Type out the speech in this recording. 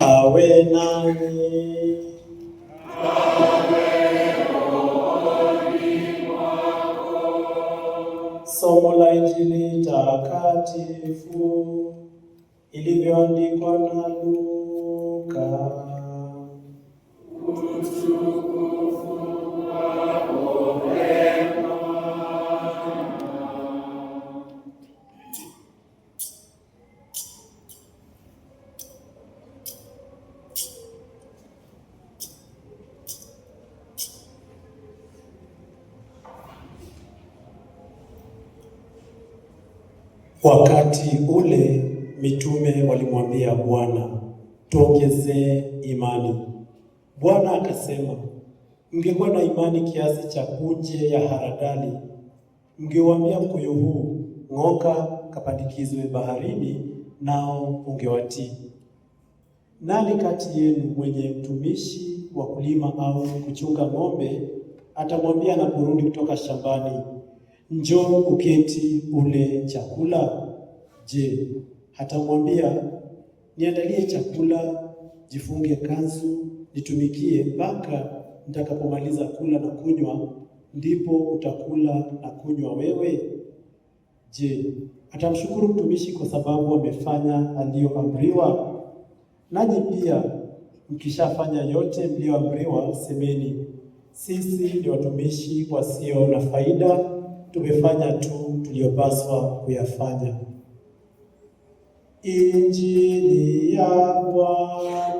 Awe nani? Somo la Injili takatifu ilivyoandikwa na Luka. Wakati ule mitume walimwambia Bwana, tuongezee imani. Bwana akasema, mngekuwa na imani kiasi cha punje ya haradali, mngewaambia mkuyu huu ng'oka kapandikizwe baharini, nao ungewatii. Nani kati yenu mwenye mtumishi wa kulima au kuchunga ng'ombe atamwambia anaporudi kutoka shambani njoo uketi ule chakula? Je, hatamwambia niandalie chakula, jifunge kanzu, nitumikie mpaka nitakapomaliza kula na kunywa, ndipo utakula na kunywa wewe? Je, atamshukuru mtumishi kwa sababu amefanya aliyoamriwa? Nanyi pia mkishafanya yote mliyoamriwa, semeni, sisi ni watumishi wasio na faida tumefanya tu tuliyopaswa kuyafanya. Injili ya Bwana.